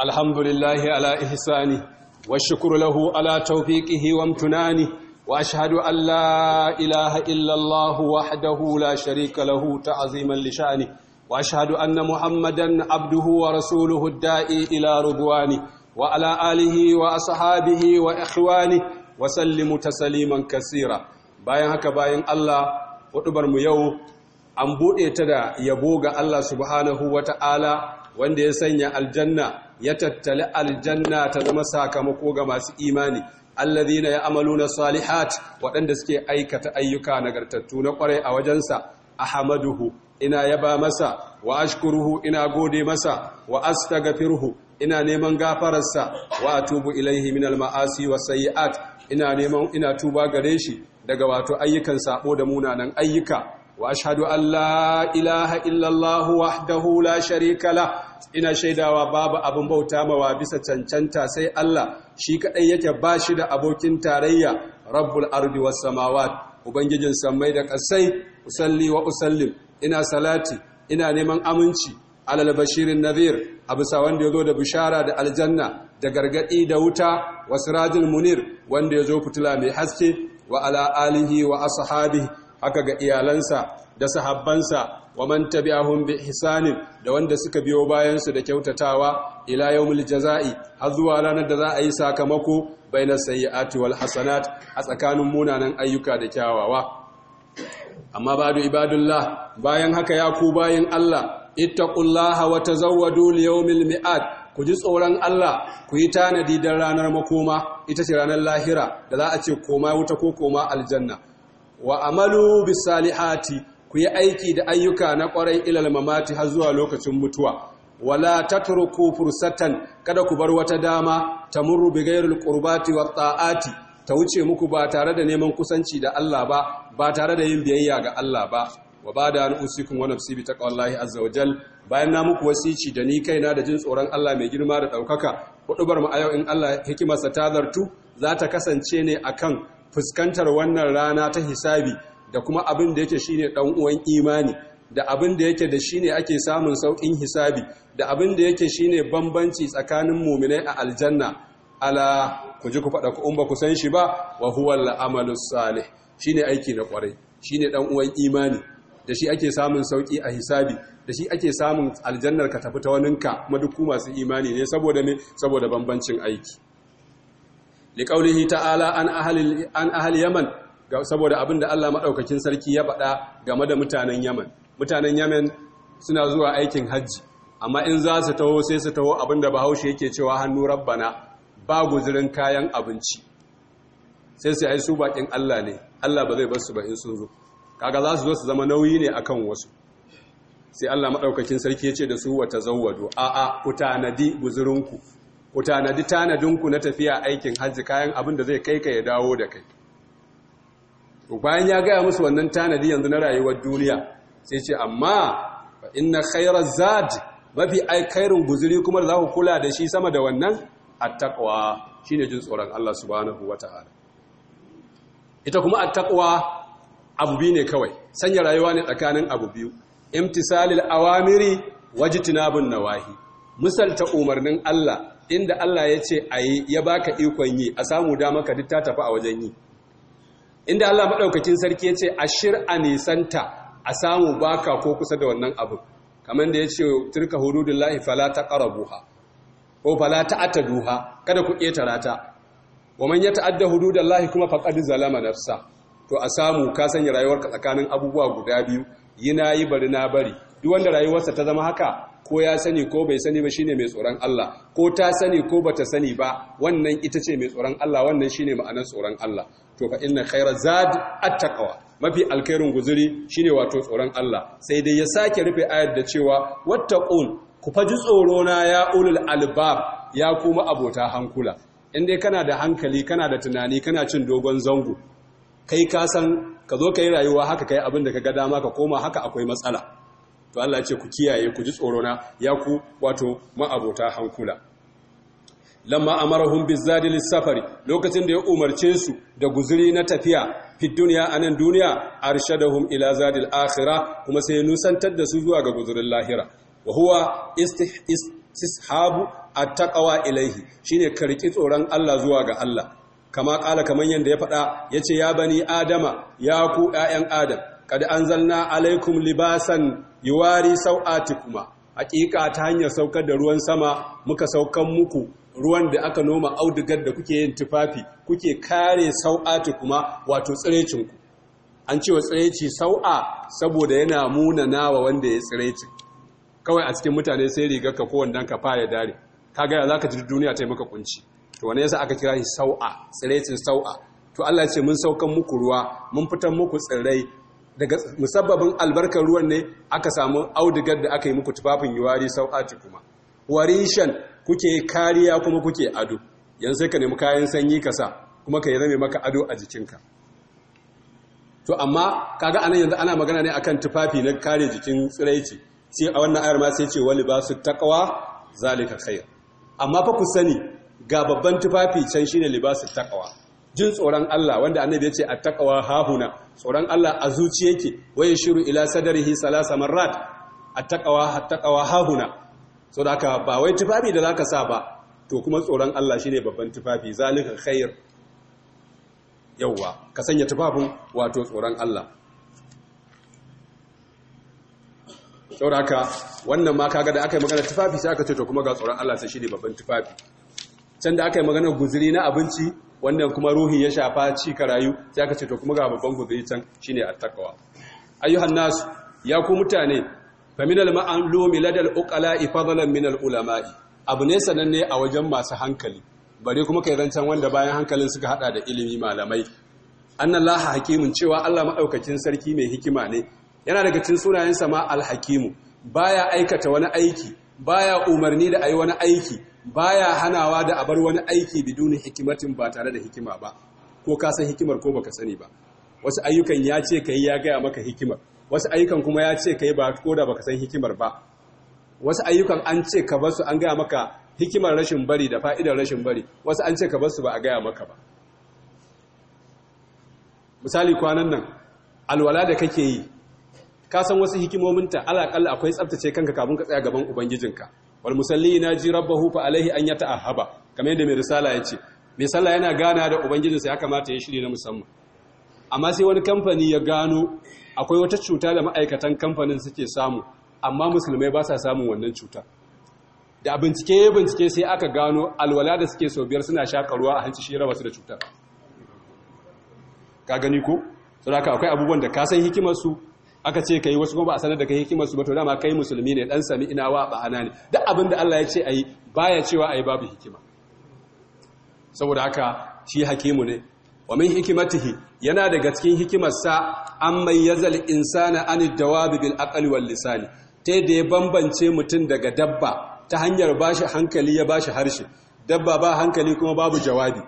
alhamdulillahi ala ihsani wa shukuru lahu ala tawfiqihi wa amtunani wa ashhadu an la ilaha illa allah wahdahu la sharika lahu ta'ziman li wa ashhadu anna muhammadan abduhu wa rasuluhu da'i ila rubwani wa ala alihi wa ashabihi wa ikhwani wa sallimu tasliman kaseera bayan haka bayan allah hudubar mu yau an buɗe ta da yabo ga allah subhanahu wa ta'ala wanda ya sanya aljanna ya tattali aljanna ta zama sakamako ga masu imani ya amalu na salihat waɗanda suke aikata ayyuka nagartattu na kwarai a wajensa ahmaduhu ina yaba masa wa ashkuruhu ina gode masa wa astaghfiruhu ina neman gafararsa wa atubu ilaihi min almaasi wa sayiat ina neman ina tuba gare shi daga wato ayyukan sabo da munanan ayyuka واشهد ان لا اله الا الله وحده لا شريك له ina shaidawa babu abin bauta mawa bisa cancanta sai Allah shi kaɗai yake bashi da abokin tarayya rabbul ardi was samawat ubangijin sammai da kasai usalli wa usallim ina salati ina neman aminci alal bashirin nadhir abisa wanda yazo da bishara da aljanna da gargadi da wuta sirajin munir wanda yazo fitila mai haske wa ala alihi wa ashabihi haka ga iyalansa da sahabbansa wa man tabi'ahum bi ihsanin da wanda suka biyo bayansu da kyautatawa ila yawmil jaza'i har zuwa ranar da za a yi sakamako baina sayyi'ati wal hasanat a tsakanin munanan ayyuka da kyawawa amma badu ibadullah bayan haka ya ku bayin Allah ittaqullaha wa tazawwadu li yawmil mi'ad ku ji tsoron Allah ku yi tanadi dan ranar makoma ita ce ranar lahira da za a ce koma wuta ko koma aljanna wa amalu bisalihati ku yi aiki da ayyuka na kwarai ilal mamati har zuwa lokacin mutuwa wala tatruku fursatan kada ku bar wata dama tamurru bi ghayril qurbati wat ta'ati ta wuce muku ba tare da neman kusanci da Allah ba ba tare da yin biyayya ga Allah ba wa bada an usikum wa nafsi bi taqwallahi azza wajal bayan na muku wasici da ni kaina da jin tsoron Allah mai girma da daukaka hudubar mu a yau in Allah hikimarsa ta zartu za ta kasance ne akan fuskantar wannan rana ta hisabi da kuma abin da yake shi ne ɗan'uwan imani da abin da yake da shi ne ake samun sauƙin hisabi da abin da yake ne bambanci tsakanin mu'minai a aljanna ala ku ji ku faɗa ku ba ku san shi ba wa huwal amalus salih ne aiki na ƙwarai, shi ne ɗan'uwan imani da shi ake samun sauƙi a hisabi da shi ake samun aljannar ka tafi ta waninka kuma masu imani ne saboda ne saboda bambancin aiki liƙaulihi ta'ala an ahal yaman saboda abin da Allah maɗaukakin sarki ya faɗa game da mutanen yaman mutanen yaman suna zuwa aikin hajji amma in za su taho sai su taho abin da bahaushe yake cewa hannu rabbana ba guzirin kayan abinci sai su yi su baƙin Allah ne Allah ba zai bar su ba in sun zo kaga za su zo su zama nauyi ne a kan wasu sai Allah maɗaukakin sarki ya ce da su wata a a'a ku tanadi ku. ku tanadi tanadinku na tafiya aikin hajji kayan abin da zai kai ka ya dawo da kai bayan ya gaya musu wannan tanadi yanzu na rayuwar duniya sai ce amma fa inna khairaz zad mafi ai kairin guzuri kuma da za ku kula da shi sama da wannan attaqwa shine jin tsoron Allah subhanahu wataala ita kuma attaqwa abu ne kawai sanya rayuwa ne tsakanin abu biyu imtisalil awamiri wajtinabun nawahi misalta umarnin Allah inda Allah ya ce a yi ya baka ikon yi a samu dama ka duk ta tafi a wajen yi inda Allah maɗaukakin sarki ya ce a shir'a nisanta a samu baka ko kusa da wannan abu kamar da ya ce turka hududullahi fala ta ƙarabuha ko fala ta duha kada ku ƙetara ta wa ya ta'adda lahi kuma faqad zalama nafsa to a samu ka sanya rayuwarka tsakanin abubuwa guda biyu yi na yi bari na bari duk wanda rayuwarsa ta zama haka ko ya sani ko bai sani ba shine mai tsoron Allah ko ta sani ko bata sani ba wannan ita ce mai tsoron Allah wannan shine ma'anar tsoron Allah to fa inna khayra zad at mafi alkhairin guzuri shine wato tsoron Allah sai dai ya sake rufe ayar da cewa wattaqun ku faji tsoro na ya ulul albab ya kuma abota hankula in dai kana da hankali kana da tunani kana cin dogon zango kai ka san ka zo yi rayuwa haka ka yi abin da ka ga dama ka koma haka akwai matsala to Allah ce ku kiyaye ku ji tsorona ya ku wato ma'abota hankula lamma amarahum bizadi Safari lokacin da ya umarce su da guzuri na tafiya fi duniya anan duniya arshadahum ila zadil akhirah kuma sai nusantar da su zuwa ga guzurin lahira wa huwa istishabu at-taqwa ilayhi shine karki tsoron Allah zuwa ga Allah kama kala kaman yanda ya faɗa yace ya bani adama ya ku ƴaƴan adam kad anzalna alaikum libasan yi wari yuwari kuma hakika ta hanyar saukar da ruwan sama muka saukan muku ruwan da aka noma audugar da kuke yin tufafi kuke kare kuma wato tsirecinku an ce wa tsireci sau'a saboda yana muna nawa wanda ya tsireci kawai a cikin mutane sai rigar ka kowannan ka fara dare ka gaya za ka ji duniya ta yi maka kunci to wane yasa aka kira shi sau'a tsirecin sau'a to Allah ce mun saukan muku ruwa mun fitan muku tsirrai daga musabbabin albarkar ruwan ne aka samu audigar da aka yi muku tufafin yuwari sau'ati kuma shan kuke kariya kuma kuke ado yanzu sai ka nemi kayan sanyi ka sa kuma ka yi zame maka ado a jikinka to amma kaga anan yanzu ana magana ne akan tufafi na kare jikin tsiraici sai a wannan ayar ma sai ce wali ba su taqwa zalika khair amma fa ku sani ga babban tufafi can shine libasu taqwa jin tsoron Allah wanda annabi ya ce takawa hahuna tsoron Allah a zuci yake waye shiru ila sadarihi salasa marrat attaqwa takawa hahuna so da ka ba wai tufafi da zaka sa ba to kuma tsoron Allah shine babban tufafi zalika khair yawwa ka sanya tufafin wato tsoron Allah da haka wannan ma kaga da aka yi magana tufafi sai aka ce to kuma ga tsoron Allah sai shine babban tufafi can da aka yi magana guzuri na abinci wannan kuma ruhi ya shafa ci ka rayu sai aka ce to kuma ga babban guzuri can shine attaqwa ayyuhan nasu. ya ku mutane faminal ma'lumi ladal uqala'i fadlan minal ulama'i abu ne sananne a wajen masu hankali bare kuma kai zancan wanda bayan hankalin suka hada da ilimi malamai annallaha hakimun cewa Allah madaukakin sarki mai hikima ne yana daga cikin sunayensa ma alhakimu baya aikata wani aiki baya umarni da ayi wani aiki baya hanawa da abar wani aiki biduni hikimatin ba tare da hikima ba ko ka san hikimar ko baka sani ba wasu ayyukan ya ce kai ya gaya maka hikimar wasu ayyukan kuma ya ce kai ba ko da baka san hikimar ba wasu ayyukan an ce ka basu an gaya maka hikimar rashin bari da fa'idar rashin bari wasu an ce ka basu ba a gaya maka ba misali kwanan nan alwala da kake yi ka san wasu hikimominta alaƙalla akwai tsabtace kanka kafin ka tsaya gaban ubangijinka wal musalli na ji rabbahu fa alaihi an yata'ahaba kamar yadda mai risala ya ce mai sallah yana gana da ubangijinsa ya kamata ya shiri na musamman amma sai wani kamfani ya gano akwai wata cuta da ma'aikatan kamfanin suke samu amma musulmai ba sa samun wannan cuta da bincike ya bincike sai aka gano alwala da suke so biyar suna shakarwa a hanci shi raba su da cuta. ka gani ko saboda akwai abubuwan da ka san hikimar su aka ce ka yi wasu kuma a sanar da kai hikimar su ba to dama kai musulmi ne dan sami ina wa ba'ana ne duk abin da Allah ya ce a ayi baya cewa ayi babu hikima saboda haka shi hakimu ne wa min hikimatihi yana daga cikin hikimarsa an yazal insana an dawabi bil aqli wal lisani ta da ya bambance mutum daga dabba ta hanyar bashi hankali ya bashi harshe dabba ba hankali kuma babu jawabi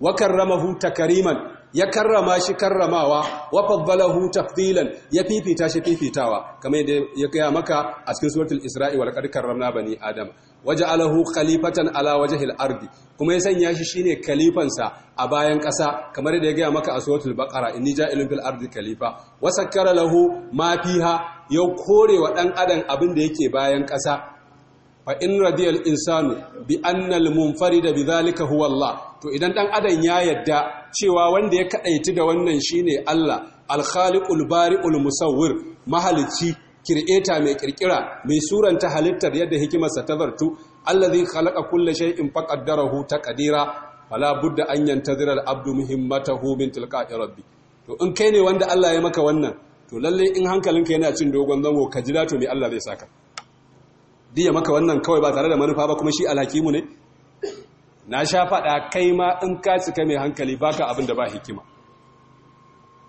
wa karramahu takariman ya karrama shi karramawa wa faddalahu tafdilan ya fifita shi fifitawa kamar yadda ya kaya maka a cikin suratul isra'i wal qad karramna bani adam waja'alahu khalifatan ala wajhil ardi kuma ya sanya shi shine khalifansa a bayan ƙasa kamar yadda ya gaya maka a suratul baqara inni ja'ilun fil ardi khalifa wa sakkara lahu ma fiha ya kore wa dan adam abin da yake bayan ƙasa fa in radiyal insanu bi anna al munfarida bi dhalika huwa Allah to idan dan adam ya yadda cewa wanda ya kaɗaitu da wannan shine Allah alkhaliqul bari'ul musawwir mahalicci kireta mai kirkira mai suranta halittar yadda hikimarsa ta zartu allazi khalaqa kulli shay'in faqaddarahu taqdira wala budda an yantazira al-abdu muhimmatahu min tilqa'i rabbi to in kai ne wanda Allah ya maka wannan to lalle in hankalinka yana cin dogon zango ka jira to me Allah zai saka diya maka wannan kawai ba tare da manufa ba kuma shi alhakimu ne na sha faɗa kai ma in ka cika mai hankali baka abin da ba hikima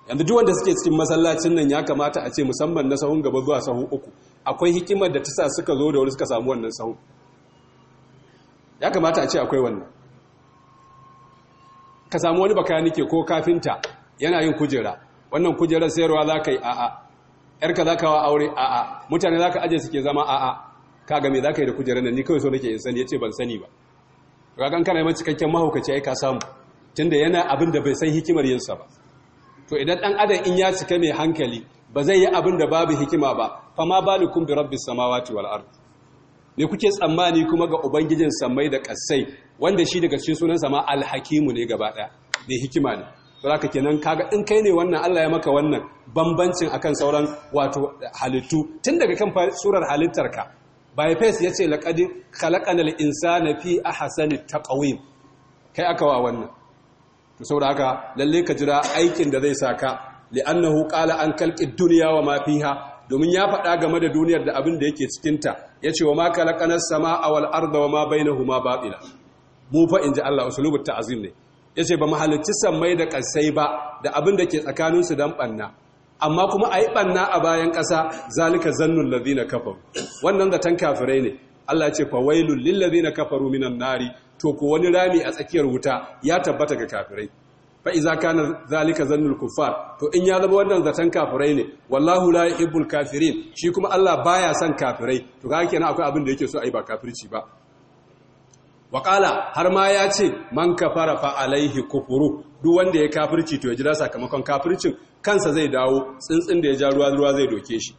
yanzu duk wanda suke cikin masallacin nan ya kamata a ce musamman na sahun gaba zuwa sahun uku akwai hikimar da ta sa suka zo da wani suka samu wannan sahun ya kamata a ce akwai wannan ka samu wani ke ko kafinta yana yin kujera wannan kujerar sayarwa za ka yi a'a yarka za ka wa aure a'a mutane za ka aje suke zama a'a ka game za ka yi da kujerar nan ni kawai so nake in sani ya ce ban sani ba ragan kana mai cikakken mahaukaci ai ka samu tunda yana abin da bai san hikimar yinsa ba to idan dan adam in ya cika mai hankali ba zai yi abin da babu hikima ba fa ma balukum bi rabbis samawati wal ard me kuke tsammani kuma ga ubangijin samai da kasai wanda shi daga cikin sunansa ma alhakimu ne gaba daya ne hikima ne zaka kenan kaga in kai ne wannan Allah ya maka wannan bambancin akan sauran wato halittu tun daga kan surar halittarka bypass ya ce laƙadin kalaƙanar na fi a hasani taƙawim kai aka wa wannan to da haka lalle ka jira aikin da zai saka li'annahu hukala an kalƙi duniya wa mafi ha. domin ya faɗa game da duniyar da abin da yake cikinta ya ce wa ma sama a wal arda wa ma bainahuma batila mu fa inji Allah usulubut ta'azim ne ya ce ba mu halicci sammai da ƙasai ba da abin da ke tsakaninsu don ɓanna amma kuma a yi ɓanna a bayan ƙasa zalika zannun na kafa. wannan zaton kafirai ne Allah ce fawailun na kafaru minan nari to ko wani rami a tsakiyar wuta ya tabbata ga kafirai Fa'iza iza kana zalika zannun kuffar to in ya zama wannan zaton kafirai ne wallahu la ibul kafirin shi kuma Allah baya son kafirai to kaga kenan akwai abin da yake so a yi ba kafirci ba waƙala har ma ya ce man kafara fa alaihi kufuru duk wanda ya kafirci to ya jira sakamakon kafircin kansa zai dawo tsintsin da ya ja ruwa ruwa zai doke shi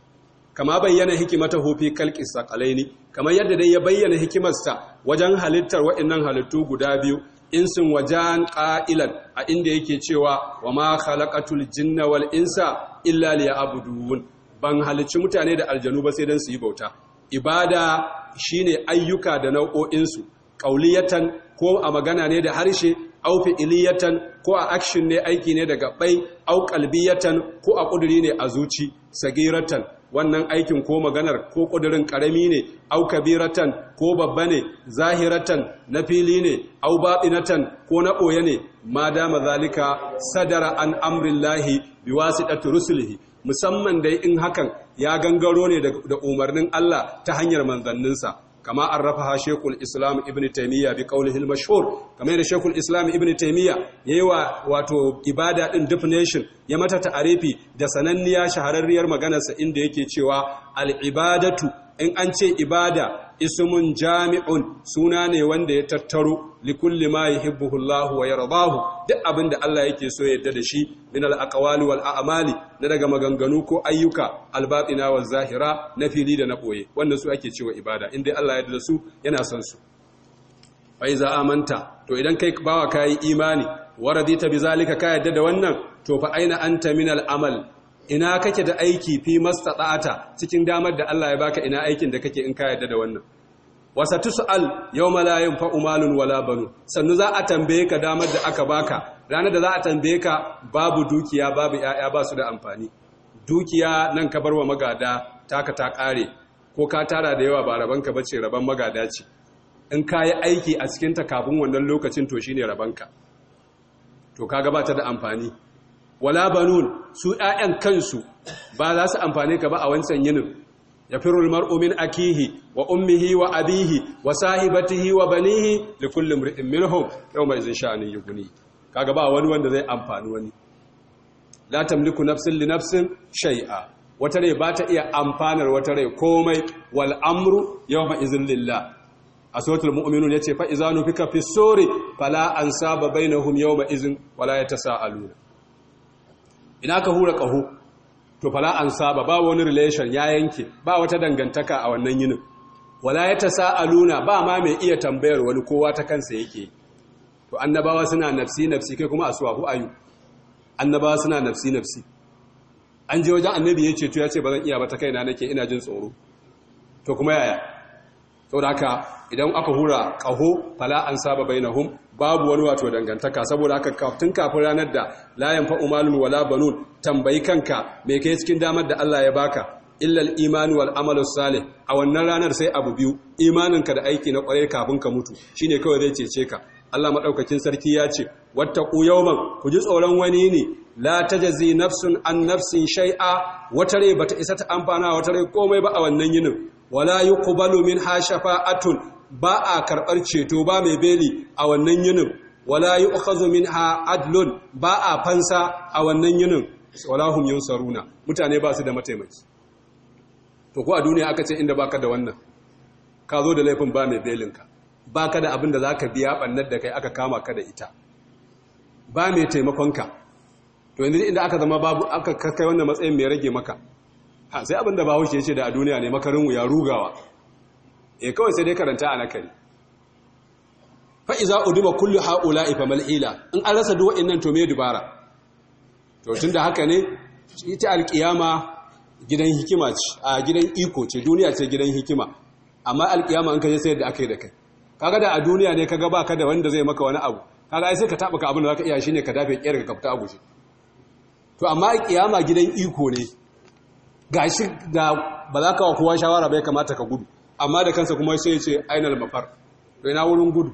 kama bayyana hikimata hufi kalkis sakalaini Kama yadda dai ya bayyana hikimarsa wajen halittar waɗannan halittu guda biyu In sun wajen ƙa'ilan a inda yake cewa wa ma halakatul jinna wal insa illa liya'budun ban halicci mutane da aljanu ba sai don su yi bauta ibada shine ayyuka da nau'o'insu ƙauliyatan ko a magana ne da harshe au iliyatan ko a action ne aiki ne daga bai au kalbiyatan ko a kuduri ne a zuci sagiratan wannan aikin ko maganar ko kudurin karami ne au kabiratan ko babba ne zahiratan na fili ne au batinatan ko na boye ne ma dama zalika sadara an amrillahi biwasitati rusulihi musamman dai in hakan ya gangaro ne da umarnin Allah ta hanyar manzanninsa kama an ha shekul islam ibn taimiyya bi kaulihil mashhur kamar da shekul islam ibn taimiyya ya yi wa wato ibada din definition ya mata ta'arifi da sananniya shahararriyar maganarsa inda yake cewa al'ibadatu in an ce ibada ismun jami'un suna ne wanda ya tattaro likulli ma yuhibbuhu Allah wa yardahu duk abin da Allah yake so ya da shi min al aqwali wal a'mali na daga maganganu ko ayyuka al batina zahira na fili da na boye wanda su ake cewa ibada inda Allah ya da su yana son su fa iza amanta to idan kai bawa kai imani waradita bi zalika ka yadda da wannan to fa aina anta min al amal ina kake da aiki fi mastata'ata cikin damar da Allah ya baka ina aikin da kake in ka yadda da wannan wasa tus'al yawma la yanfa'u malun wala banu sannu za a tambaye ka damar da aka baka ranar da za a tambaye ka babu dukiya babu yaya ba su da amfani dukiya nan ka bar wa magada taka ta kare ko ka tara da yawa ba rabanka bace raban magada ce in ka yi aiki a cikin ta kafin wannan lokacin to shine rabanka to kaga ba da amfani wala banun su ƴaƴan kansu ba za su amfane ka ba a wancan yinin ya firul mar'u min akihi wa ummihi wa abihi wa sahibatihi wa banihi li kulli imrin minhum mai zai sha'anin yughni kaga ba wani wanda zai amfani wani la tamliku nafsin li nafsin shay'a wata rai ba ta iya amfanar wata rai komai wal'amru amru yawma izin lillah a suratul mu'minun yace fa idza nufika fis suri fala ansaba bainahum yawma izin. wala yatasaaluna ina ka hura ƙaho to fala an saba ba wani relation ya yanke ba wata dangantaka a wannan yinin wala ya luna ba ma mai iya tambayar wani kowa ta kansa yake to annabawa suna nafsi nafsi kai kuma aswahu ayu annabawa suna nafsi nafsi an je wajen annabi ya ce to ya ce ba zan iya ba ta kaina nake ina jin tsoro to kuma yaya saboda haka idan aka hura ƙaho fala an saba bainahum babu wani wato dangantaka saboda haka tun kafin ranar da layan yanfa'u malun wala banun tambayi kanka Mai kai cikin damar da Allah ya baka illal imani wal amalu salih a wannan ranar sai abu biyu imaninka da aiki na kwarai kafin ka mutu Shi ne kawai zai cece ka Allah madaukakin sarki ya ce wattaqu yawman ku ji tsoron wani ne la tajzi nafsun an nafsin shay'a wata rai bata isa ta amfana wata rai komai ba a wannan yinin wala yuqbalu minha shafa'atun ba a karɓar ceto ba mai beli a wannan yinin wala yu'khazu minha adlun ba a fansa a wannan yinin wala hum yunsaruna mutane ba su da mataimaki to ko a duniya aka ce inda baka da wannan ka zo da laifin ba mai belinka baka da abin da zaka biya bannar da kai aka kama ka da ita ba mai taimakonka to yanzu inda aka zama babu aka kai wannan matsayin mai rage maka ha sai abin da bawo ke da a duniya ne makarin ya rugawa e kawai sai dai karanta a nakari fa iza uduma kullu haula fa mal'ila in an rasa duk wa'annan to me dubara to tunda haka ne ita alkiyama gidan hikima ce a gidan iko ce duniya ce gidan hikima amma alkiyama in kai sai da akai da kai kaga da a duniya ne kaga baka da wanda zai maka wani abu kaga ai sai ka taba ka abin da zaka iya shine ka dafe kiyar ka kafta abu shi to amma kiyama gidan iko ne ga shi ga ba za ka wa kowa shawara bai kamata ka gudu amma da kansa kuma sai ce ainihin mafar rai na wurin gudu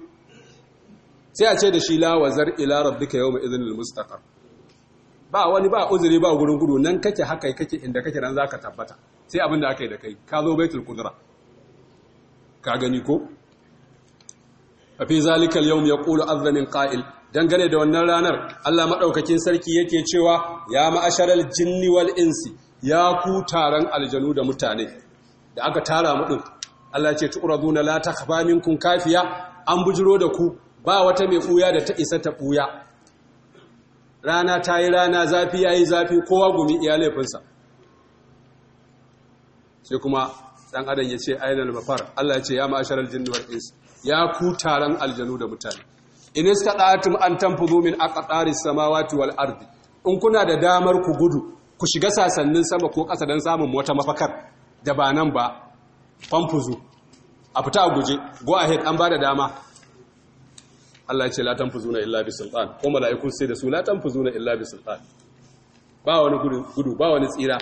sai a ce da shi la duka ila rabbika yawma izinin mustaqar ba wani ba uzuri ba wurin gudu nan kake haka kake inda kake nan ka tabbata sai abin da aka yi da kai ka zo baitul kudura. ka gani ko a fi zalikal yawm yaqulu ƙa'il. dangane da wannan ranar Allah maɗaukakin sarki yake cewa ya ma'asharar jinni wal insi ya ku taron aljanu da mutane da aka tara mu din Allah ce tu'raduna la takhfa minkum kafiya an bujiro da ku ba wata mai buya da ta isa ta buya rana ta yi rana zafi yayi zafi kowa gumi iya laifinsa sai kuma dan adam ya ce ainal mafar Allah ya ce ya ma'ashar jinni wal ins ya ku taron aljanu da mutane in istada'atum an tanfudu min aqtaris samawati wal ardi in kuna da damar ku gudu ku shiga sasannin sama ko ƙasa don samun wata mafakar da ba nan ba famfuzu a fita a guje go ahead an ba da dama Allah ya ce la fuzu na illabi sultan ko mala'iku sai da su la fuzu na illabi sultan ba wani gudu ba wani tsira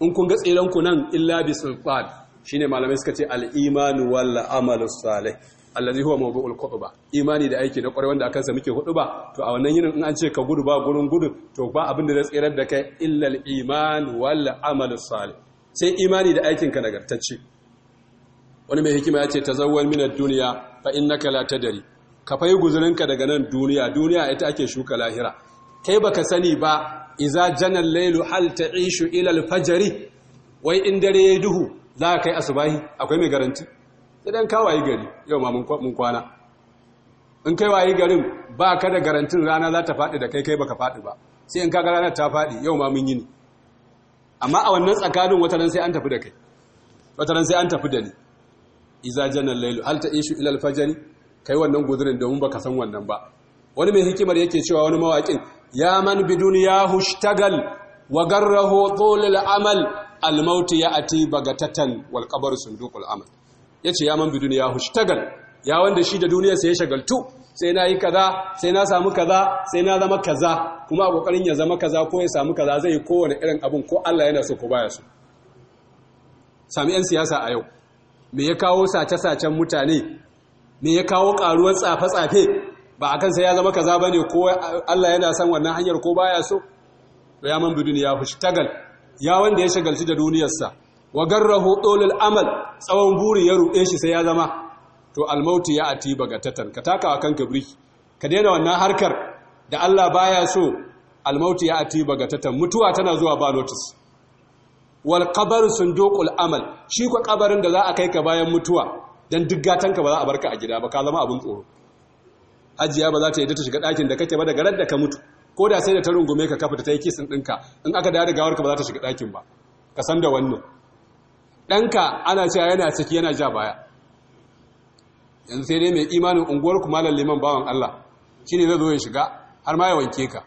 in kun ga tsiranku nan illabi bi sultan shine malamai suka ce al-imanu wal amalu salih allazi huwa mawdu'ul khutba imani da aiki na kwarai wanda akan sa muke ba to a wannan yinin in an ce ka gudu ba gurin gudu to ba abin da zai tsirar da kai illa al-iman wal amal salih sai imani da aikin ka nagartacce wani mai hikima ya ce tazawwal min ad-dunya fa innaka la tadri ka fayi guzurinka daga nan duniya duniya ita ake shuka lahira kai baka sani ba iza janar lailu hal ta ila ilal fajari? wai in dare yi duhu za a kai asubahi akwai mai garanti sai dan wa'yi gari yau ma mun kwana in kai wa'yi garin ba ka da garantin rana za ta faɗi da kai kai baka faɗi ba sai in ga ranar ta faɗi yau ma mun yi ni amma a wannan tsakanin wata ran sai an tafi da kai wata ran sai an tafi da ni iza janan lailu hal ta ishu ila alfajri kai wannan guzurin domin baka san wannan ba wani mai hikimar yake cewa wani mawaƙin ya man bi ya hushtagal wa garrahu tulul amal al maut ya'ti bagatatan wal qabr sunduqul amal ya ce ya man bi duniya hushtagal ya wanda shi da duniya sai ya shagaltu sai na yi kaza sai na samu kaza sai na zama kaza kuma a kokarin ya zama kaza ko ya samu kaza zai yi kowane irin abun ko Allah yana so ko baya so sami yan siyasa a yau me ya kawo sace-sacen mutane me ya kawo karuwar tsafe-tsafe ba akan sai ya zama kaza bane ko Allah yana son wannan hanyar ko baya so ya man bi duniya hushtagal ya wanda ya shagalci da duniyarsa wa garrahu dolul amal tsawon buri ya ruɗe shi sai ya zama to almauti ya ati bagatatan ka takawa kanka birki ka daina wannan harkar da Allah baya so almauti ya ati bagatatan mutuwa tana zuwa ba notice wal qabr sunduqul amal shi ko kabarin da za a kai ka bayan mutuwa dan diggatanka ba za a barka a gida ba ka zama abin tsoro ajiya ba za ta yadda ta shiga ɗakin da kake ba daga ran da ka mutu ko da sai da ta rungume ka kafa ta yi kisin ɗinka in aka da ka ba za ta shiga ɗakin ba ka san da wannan ɗanka ana cewa yana ciki yana ja baya yanzu sai dai mai imanin unguwar kuma liman bawan Allah shi ne zai zo ya shiga har ma ya wanke ka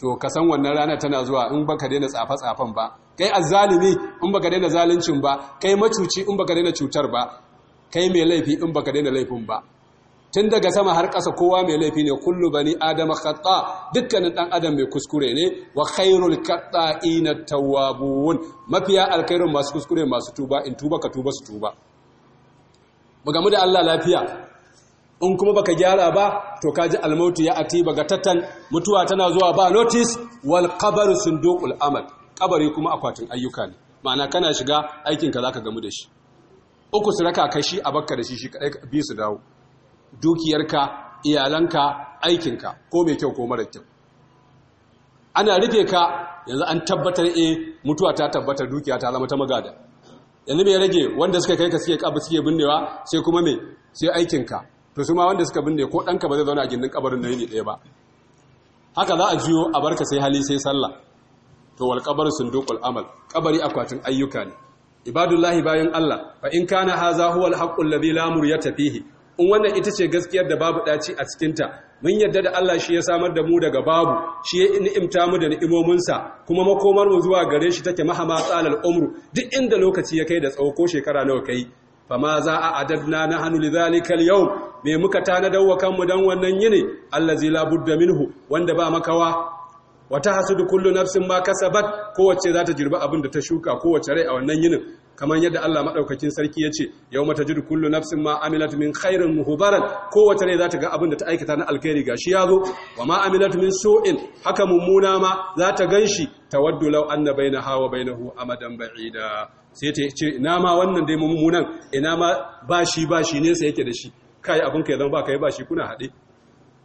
to ka san wannan rana tana zuwa in ba ka daina tsafa-tsafan ba kai azzalimi in ba ka daina zaluncin ba kai macuci in ba ka daina cutar ba kai mai laifi in ba ka daina laifin ba tun daga sama har ƙasa kowa mai laifi ne kullu bani adama khata dukkanin ɗan adam mai kuskure ne wa khairul ina tawwabun mafiya alkhairun masu kuskure masu tuba in tuba ka tuba su tuba mu da Allah lafiya in kuma baka gyara ba to kaji almautu ya ati baga tattan mutuwa tana zuwa ba notice wal sun sunduqul amal kabari kuma akwatin ayyuka ne ma'ana kana shiga aikin ka zaka gamu da shi uku su raka kashi a baka da shi shi bi su dawo dukiyarka iyalanka aikinka ko mai kyau ko mara kyau ana rufe ka yanzu an tabbatar e mutuwa ta tabbatar dukiya ta zama ta magada yanzu mai rage wanda suka kai ka suke kabu suke binnewa sai kuma mai sai aikinka to su ma wanda suka binne ko ɗanka ba zai zauna a gindin kabarin na yini ɗaya ba haka za a juyo a barka sai hali sai sallah to wal kabar sundukul amal kabari akwatin ayyuka ne ibadullahi bayan Allah fa in kana haza huwal al haqqul ladhi la muriyata fihi in wannan ita ce gaskiyar da babu ɗaci a cikinta mun yadda da Allah shi ya samar da mu daga babu shi ya ni'imta mu da ni'imominsa kuma makomar mu zuwa gare shi take mahama tsalal umru duk inda lokaci ya kai da tsawo ko shekara nawa kai ma za a adadna na hannu zalikal yau me muka tanadar wa kanmu dan wannan yini allazi la budda minhu wanda ba makawa wata hasudu kullu nafsin ma kasabat kowace za ta jirba abin da ta shuka kowace rai a wannan yinin kamar yadda Allah madaukakin sarki ya ce yau mata jiru kullu nafsin ma amilat min khairin muhubaran kowace ne za ta ga abin da ta aikata na alkhairi gashi ya zo wa ma amilat min su'in haka mummuna ma za ta gan shi tawaddu law anna bainaha wa bainahu amadan ba'ida sai ta ce ina ma wannan dai mummunan ina ma bashi bashi ne sai yake da shi kai abin ka yanzu ba kai bashi kuna hade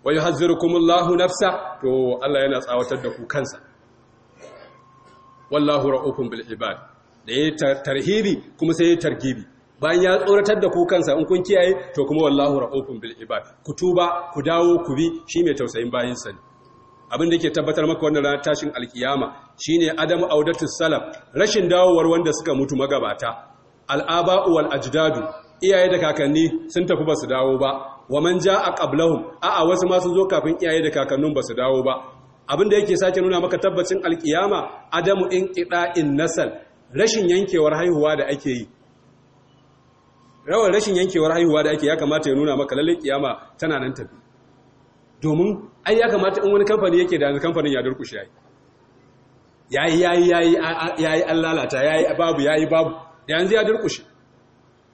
wa yuhazzirukumullahu nafsa to Allah yana tsawatar da ku kansa wallahu ra'ufun bil ibad da ya tarhibi kuma sai ya targibi bayan ya tsoratar da ku kansa in kun kiyaye to kuma wallahu ra'ufun bil ibad ku tuba ku dawo ku bi shi mai tausayin bayin sa ne abin da ke tabbatar maka wannan ranar tashin alkiyama shine adamu audatu salam rashin dawowar wanda suka mutu magabata al'aba'u wal ajdadu iyaye da kakanni sun tafi basu dawo ba waman jaa qablahum a'a wasu ma sun zo kafin iyaye da kakannin basu dawo ba abin da yake sake nuna maka tabbacin alkiyama adamu in in nasal rashin yankewar haihuwa da ake yi rawar rashin yankewar haihuwa da ake ya kamata ya nuna maka lalle kiyama tana nan tafi domin ai ya kamata in wani kamfani yake da yanzu kamfanin ya durkushe yayi yayi yayi yayi yayi an lalata yayi babu yayi babu da yanzu ya durkushe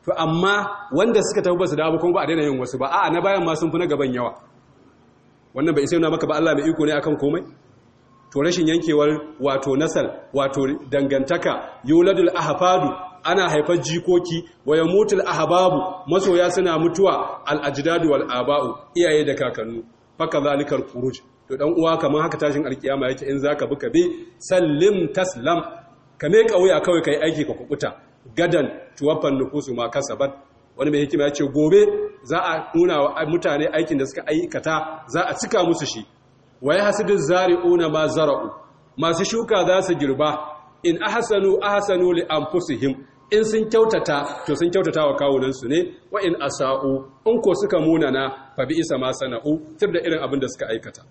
to amma wanda suka tafi basu dawo kuma ba a daina yin wasu ba a'a na bayan ma sun fi na gaban yawa wannan bai sai nuna maka ba Allah mai iko ne akan komai to rashin yankewar wato nasal wato dangantaka yuladul ahfadu ana haifar jikoki waya mutul ahbabu masoya suna mutuwa al ajdadu wal aba'u iyaye da kakannu faka zalikal furuj to dan uwa kaman haka tashin alkiyama yake in zaka bi ka bi sallim taslam ka me kauya kawai kai aiki ka kukuta gadan tuwaffan nufusu ma kasabat wani mai hikima ya ce gobe za a nuna wa mutane aikin da suka aikata za a cika musu shi wa hasidin zari'una ma zara'u masu shuka za su girba in ahsanu ahsanu li anfusihim in sun kyautata to sun kyautata wa kawunansu ne wa in asa'u in ko suka munana fa bi isa ma sana'u tir da irin abin da suka aikata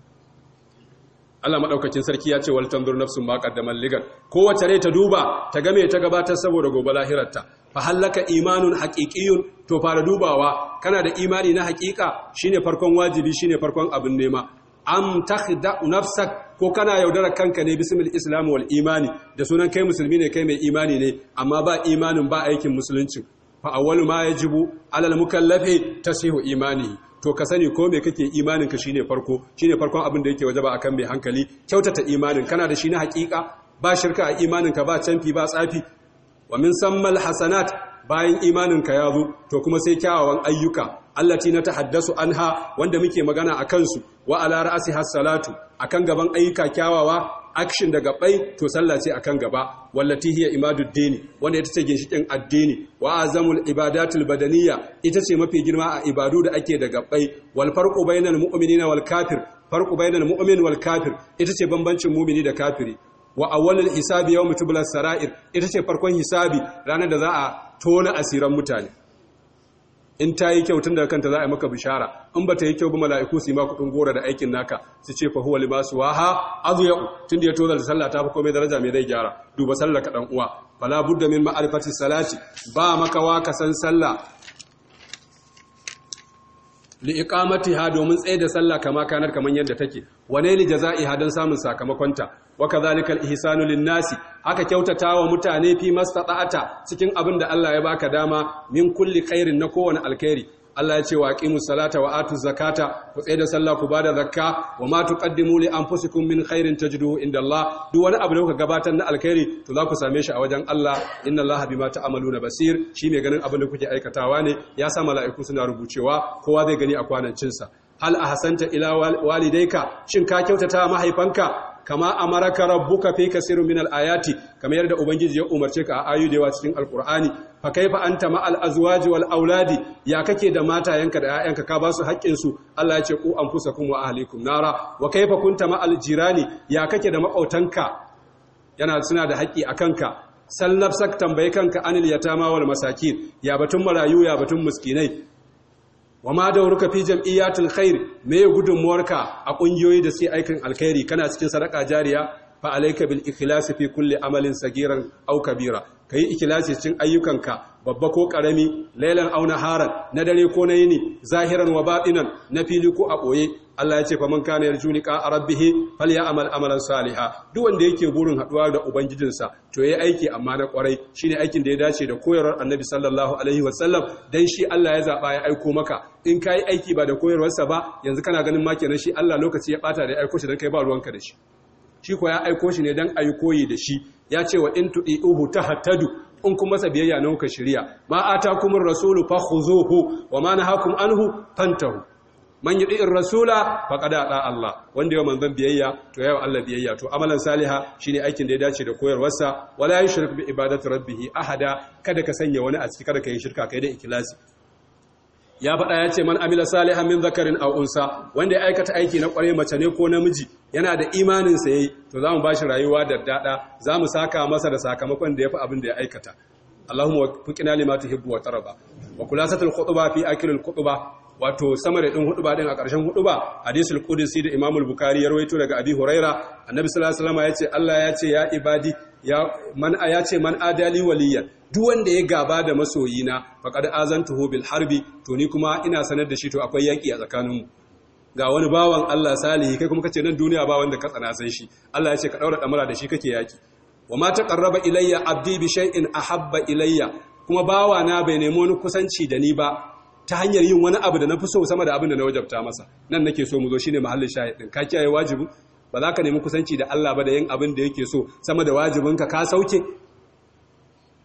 Allah maɗaukacin sarki ya ce wal tanzur nafsun ma qaddamal ligar. kowace rai ta duba ta game ta gabatar saboda gobe lahirarta fa hallaka imanun haƙiƙiyun, to fara dubawa kana da imani na Shi shine farkon wajibi shine farkon abin nema An takhda nafsak ko kana yaudara kanka ne bismil islam wal imani da sunan kai musulmi ne kai mai imani ne amma ba imanin ba aikin musulunci fa awwalu ma yajibu alal mukallafi tasihu imani to ka sani ko me kake imanin ka shine farko shine farkon abin da yake wajaba akan mai hankali kyautata imanin kana da shi na hakika ba shirka a imanin ka ba canfi ba tsafi wa min sammal hasanat bayan imanin ka ya to kuma sai kyawawan ayyuka allati na tahaddasu anha wanda muke magana a kansu wa ala ra'siha salatu akan gaban ayyuka kyawawa action daga bai to sallah ce akan gaba wallati hiya wanda ita ce ginshikin addini wa azamul ibadatul badaniyya ita ce mafi girma a ibadu da ake daga bai wal farqu bainal mu'minina wal kafir farqu bainal mu'min wal kafir ita ce bambancin mu'mini da kafiri wa awwalul hisabi yawm tublas sara'ir ita ce farkon hisabi ranar da za a tona asiran mutane in ta yi kyau tun daga kanta za a yi maka bishara in ba ta yi kyau ba mala'iku su yi maka kudin gora da aikin naka su ce fa huwa libasu wa ha azuya'u tun da ya tozar da sallah ta fi komai daraja mai zai gyara duba sallah ka dan uwa fala budda min ma'arifati salati ba wa ka san sallah li ha domin tsaye da sallah kama kanar kaman yadda take wane li jazaiha hadan samun sakamakonta waka kadhalika al-ihsanu lin-nasi haka kyautata wa mutane fi mastata'ata cikin abin da Allah ya baka dama min kulli khairin na kowane alkhairi Allah ya ce wa aqimu salata wa zakata ku tsaye da sallah ku bada zakka wa ma tuqaddimu li anfusikum min khairin tajiduhu inda Allah duk wani abu da kuka gabatar na alkhairi to za ku same shi a wajen Allah inna Allah bima ta'maluna basir shi mai ganin abin da kuke aikatawa ne ya sa mala'iku suna rubucewa kowa zai gani a kwanancinsa. hal ahsanta ila walidayka shin ka kyautata mahaifanka kama amaraka rabbuka fi kaseerin min al-ayati kamar yadda ubangiji ya umarce ka a ayu da yawa cikin alqur'ani fa kaifa anta ma al-azwaji wal auladi ya kake da mata yanka da 'ya'yanka ka ba su haƙƙin su Allah ya ce ku anfusakum wa ahlikum nara wa kaifa kunta ma al-jirani ya kake da maƙautanka yana suna da haƙƙi akan ka sal Sak tambaye kanka anil yatama wal masakin ya batun marayu ya batun miskinai wa ma da ka fi jam'iyyatil khair me ya muwarka a kungiyoyi da sai aikin alkhairi kana cikin sadaka jariya fa alayka bil ikhlasi fi kulle amalin sagiran aw ka yi ikhlasi cikin ayyukanka babba ko karami lailan aw naharan na dare ko na yini zahiran wa batinan na fili ko a ɓoye. Allah ya ce fa man kana yarjuni ka rabbih falyamal amalan saliha duk wanda yake burin haduwa da ubangijinsa to yayi aiki amma na kwarai shine aikin da ya dace da koyarwar Annabi sallallahu alaihi wasallam dan shi Allah ya zaba ya aiko maka in kai aiki ba da koyarwarsa ba yanzu kana ganin ma kenan shi Allah lokaci ya bata da ya aiko shi dan kai ba ruwanka da shi shi ko ya aiko shi ne dan ayi koyi da shi ya ce wa in uhu tahtadu in kun masa biyayya nan ka shirya ma ata kumur rasulu fakhuzuhu wa ma nahakum anhu fantahu man yi ɗi'in rasula fa ƙada ɗa Allah wanda wa manzan biyayya to yawa Allah biyayya to amalan saliha shi ne aikin da ya dace da koyarwarsa wala yin shirk bi ibadat rabbihi ahada kada ka sanya wani a kada ka yi shirka kai da ikilasi ya faɗa ya ce man amila saliha min zakarin a unsa wanda ya aikata aiki na ƙwarai mace ne ko namiji yana da imanin sa yayi to ba shi rayuwa da dada mu saka masa da sakamakon da ya fi abin da ya aikata Allahumma waqina lima tuhibbu wa taraba wa kulasatul khutba fi akhiril khutba wato sama da ɗin hudu ba ɗin a ƙarshen hudu ba hadisul qudsi da imamul bukari ya rawaito daga abi huraira annabi sallallahu alaihi wasallam yace Allah ya ce ya ibadi ya ce man adali waliyan duk wanda ya gaba da masoyina faqad azantuhu bil harbi to ni kuma ina sanar da shi to akwai yaki a tsakaninmu ga wani bawan Allah salihi kai kuma kace nan duniya ba wanda ka tsana san shi Allah ya ce ka daura damara da shi kake yaki wa ma taqarraba ilayya abdi bi shay'in ahabba ilayya kuma bawana bai nemi wani kusanci da ni ba ta hanyar yin wani abu da na fi so sama da abin da na wajabta masa nan nake so mu zo shine mahallin shahidin ka kiyaye wajibi ba za ka nemi kusanci da Allah ba da yin abin da yake so sama da wajibinka ka sauke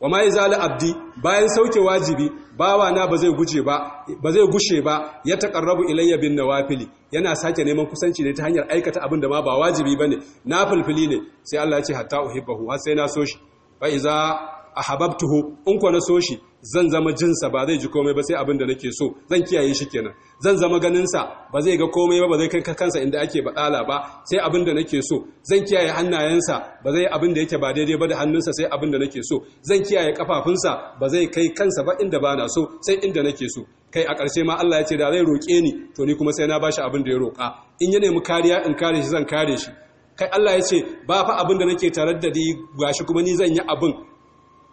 wa mai abdi bayan sauke wajibi bawa na ba zai guje ba ba zai gushe ba ya taqarrabu ilayya bin nawafili yana sake neman kusanci ne ta hanyar aikata abin da ma ba wajibi bane nafilfili ne sai Allah ya ce hatta uhibbahu har na so shi fa iza A ahabbtuhu in ko na so shi zan zama jinsa ba zai ji komai ba sai abin da nake so zan kiyaye shi kenan zan zama ganinsa ba zai ga komai ba ba zai kai kansa inda ake baɗala ba sai abin da nake so zan kiyaye hannayensa ba zai abin da yake ba daidai ba da hannunsa sai abin da nake so zan kiyaye kafafunsa ba zai kai kansa ba inda bana so sai inda nake so kai a ƙarshe ma Allah ya ce da zai roƙe ni to ni kuma sai na bashi abin da ya roƙa in ya nemi kariya in kare shi zan kare shi kai Allah ya ce ba fa abin da nake tarar da ni gashi kuma ni zan yi abin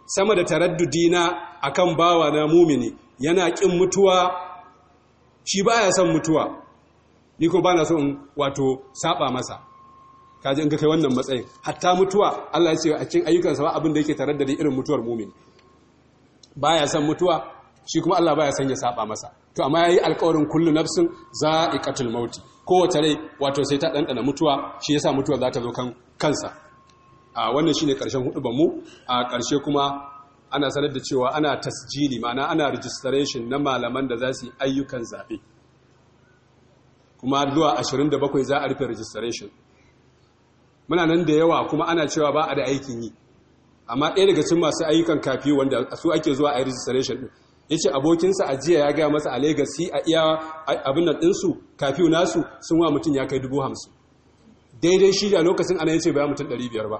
sama da taraddudi na akan bawa na mumini yana kin mutuwa shi baya son mutuwa ni ko bana so in wato saba masa ji in ka kai wannan matsayin hatta mutuwa Allah ya ce a cikin ayyukan ba abin da yake taraddudi irin mutuwar mumini baya son mutuwa shi kuma Allah baya son ya saba masa to amma yayi alƙawarin kullu nafsin za'iqatul mauti kowace rai wato sai ta dandana mutuwa shi yasa mutuwa za ta zo kan kansa a wannan shine karshen ba mu a karshe kuma ana sanar da cewa ana tasjili ma'ana ana registration na malaman da za su yi ayyukan zaɓe kuma zuwa 27 za a rufe registration muna nan da yawa kuma ana cewa ba a da aikin yi amma ɗaya daga cikin masu ayyukan kafi wanda su ake zuwa a yi registration ɗin ya ce abokinsa a jiya ya gaya masa a legacy a iya abin nan ɗinsu kafi nasu sun wa mutum ya kai dubu hamsin daidai shi da lokacin ana yace ba mutum ɗari biyar ba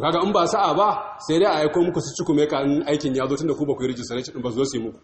kaga in ba sa'a ba sai dai a aiko muku su cikume ka in aikin ya zo tunda ku ba ku yi rijista ne ba zo su yi muku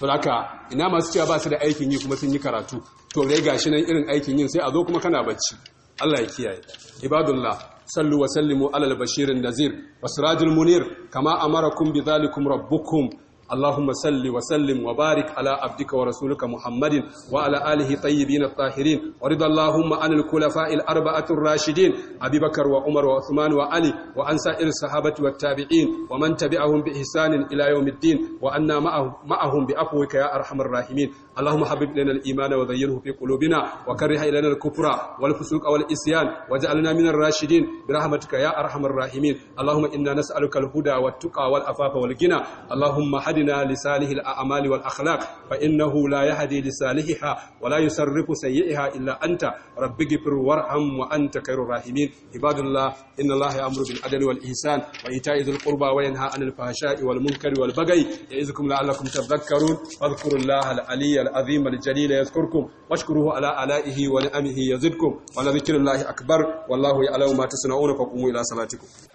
to haka ina masu cewa ba su da aikin yi kuma sun yi karatu to dai gashi nan irin aikin yin sai a zo kuma kana bacci Allah ya kiyaye ibadullah sallu wa sallimu ala al nazir wa munir kama amarakum bi dhalikum rabbukum اللهم صل وسلم وبارك على عبدك ورسولك محمد وعلى آله طيبين الطاهرين ورضى اللهم عن الخلفاء الأربعة الراشدين أبي بكر وعمر وعثمان وعلي وعن سائر الصحابة والتابعين ومن تبعهم بإحسان إلى يوم الدين وأنا معهم بعفوك يا أرحم الراحمين اللهم حبب لنا الإيمان وزينه في قلوبنا وكره إلينا الكفر والفسوق والإسيان وجعلنا من الراشدين برحمتك يا أرحم الراحمين اللهم إنا نسألك الهدى والتقى والعفاف والغنى اللهم حد أولادنا لصالح الأعمال والأخلاق فإنه لا يهدي لصالحها ولا يصرف سيئها إلا أنت رب اغفر وارحم وأنت خير الراحمين عباد الله إن الله يأمر بالعدل والإحسان وإيتاء ذي القربى وينهى عن الفحشاء والمنكر والبغي يعظكم لعلكم تذكرون فاذكروا الله العلي العظيم الجليل يذكركم واشكروه على آلائه ونعمه يزدكم ولذكر الله أكبر والله يعلم ما تصنعون فقوموا إلى صلاتكم